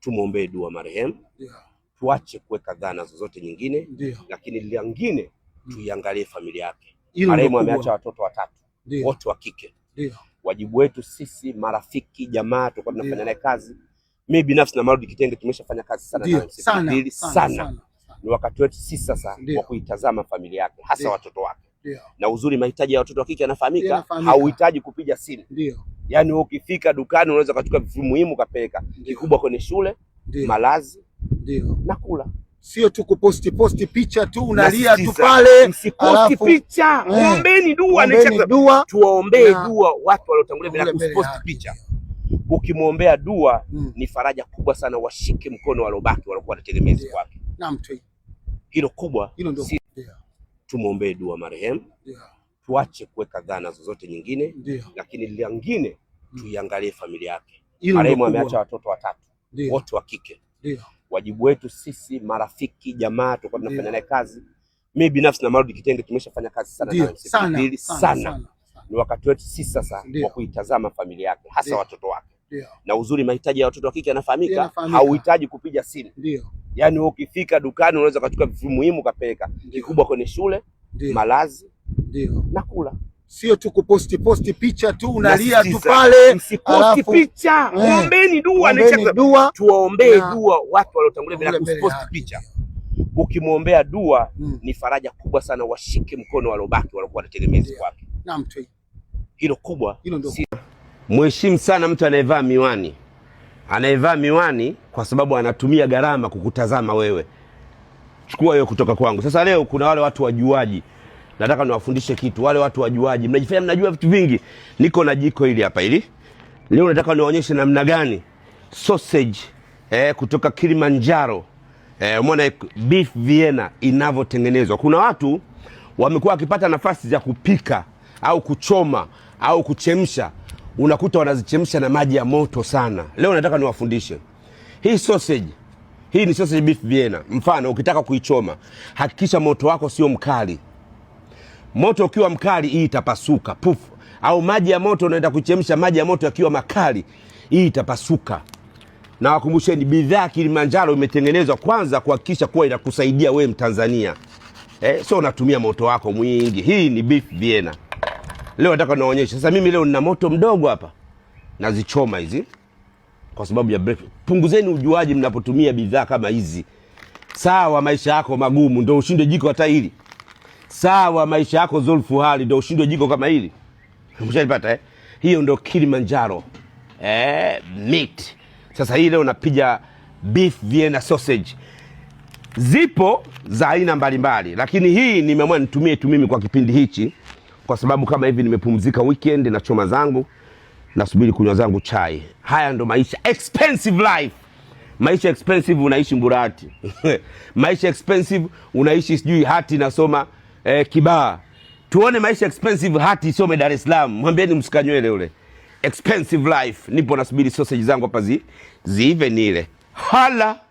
tumwombee dua marehemu, tuache kuweka dhana zozote nyingine yeah. Lakini lingine hmm. tuiangalie familia yake. Marehemu ameacha watoto watatu wote wa kike. Wajibu wetu sisi marafiki, jamaa, tulikuwa tunafanya naye kazi. mi binafsi na Marudi Kitenge tumeshafanya kazi sana naye sana, sana. Ni wakati wetu sisi sasa wa kuitazama familia yake hasa Dio. watoto wake Dio. na uzuri mahitaji ya watoto wa kike yanafahamika, hauhitaji kupiga simu Yaani wewe ukifika dukani unaweza kuchukua vitu muhimu ukapeleka, kikubwa kwenye shule, malazi, ndio na kula. Sio tu kuposti posti picha tu unalia tu pale, msiposti picha, eh. ombeni dua, dua. Tuwaombee dua watu waliotangulia bila kuposti picha. Ukimwombea dua hmm, ni faraja kubwa sana, washike mkono walobaki walokuwa wanategemezi kwake. Naam, hilo kubwa, hilo ndio. Tumwombee dua marehemu tuache kuweka dhana zozote nyingine Ndiyo. Lakini lingine hmm. tuiangalie familia yake. Marehemu ameacha watoto watatu wote wa kike. Wajibu wetu sisi marafiki, jamaa, tulikuwa tunafanya naye kazi. Mimi binafsi na Marudi Kitenge tumeshafanya kazi sana sana, sana, sana, sana. sana. Ni wakati wetu sisi sasa wa kuitazama familia yake hasa Ndiyo. watoto wake Ndiyo. na uzuri mahitaji ya watoto wa kike yanafahamika, hauhitaji kupiga simu yani ukifika dukani unaweza kuchukua vitu muhimu kapeleka, kikubwa kwenye shule Ndiyo. malazi ndio nakula sio tu kuposti posti picha tu unalia tu pale, msiposti picha, eh. ombeni dua, dua. Tuwaombee na... dua watu waliotangulia bila kuposti picha. Ukimwombea dua mm. ni faraja kubwa sana, washike mkono walobaki waliokuwa wanategemezi kwake. Naam, hilo kubwa si... mheshimu sana mtu anayevaa miwani, anayevaa miwani kwa sababu anatumia gharama kukutazama wewe. Chukua hiyo kutoka kwangu. Sasa leo kuna wale watu wajuaji nataka niwafundishe kitu, wale watu wajuaji, mnajifanya mnajua vitu vingi. Niko na jiko hili hapa hili, leo nataka niwaonyeshe namna gani sausage eh, kutoka Kilimanjaro eh, umeona beef Vienna inavyotengenezwa. Kuna watu wamekuwa wakipata nafasi za kupika au kuchoma au kuchemsha, unakuta wanazichemsha na maji ya moto sana. Leo nataka niwafundishe hii sausage hii ni sausage beef Vienna. Mfano, ukitaka kuichoma hakikisha moto wako sio mkali Moto ukiwa mkali hii itapasuka puf au maji ya moto unaenda kuchemsha, maji ya moto yakiwa makali hii itapasuka. Na wakumbusheni, bidhaa Kilimanjaro imetengenezwa kwanza kuhakikisha kuwa inakusaidia wewe Mtanzania, eh, sio unatumia moto wako mwingi. Hii ni beef Vienna. Leo nataka naonyesha sasa. Mimi leo nina moto mdogo hapa, nazichoma hizi kwa sababu ya break. Punguzeni ujuaji mnapotumia bidhaa kama hizi. Sawa, maisha yako magumu, ndio ushinde jiko hata hili sawa maisha yako Zulfu hali ndio ushindwe jiko kama hili ushalipata eh? hiyo ndio Kilimanjaro eh, meat. Sasa hii leo napiga beef Vienna sausage, zipo za aina mbalimbali, lakini hii nimeamua nitumie tu mimi kwa kipindi hichi, kwa sababu kama hivi nimepumzika weekend na choma zangu, nasubiri kunywa zangu chai. Haya ndo maisha expensive life maisha expensive, unaishi Mburati maisha expensive, unaishi sijui hati nasoma eh, kibaa tuone maisha expensive hati isome Dar es Salaam. Mwambieni msikanywele ule expensive life. Nipo nasubiri sausage zangu hapa ziive nile hala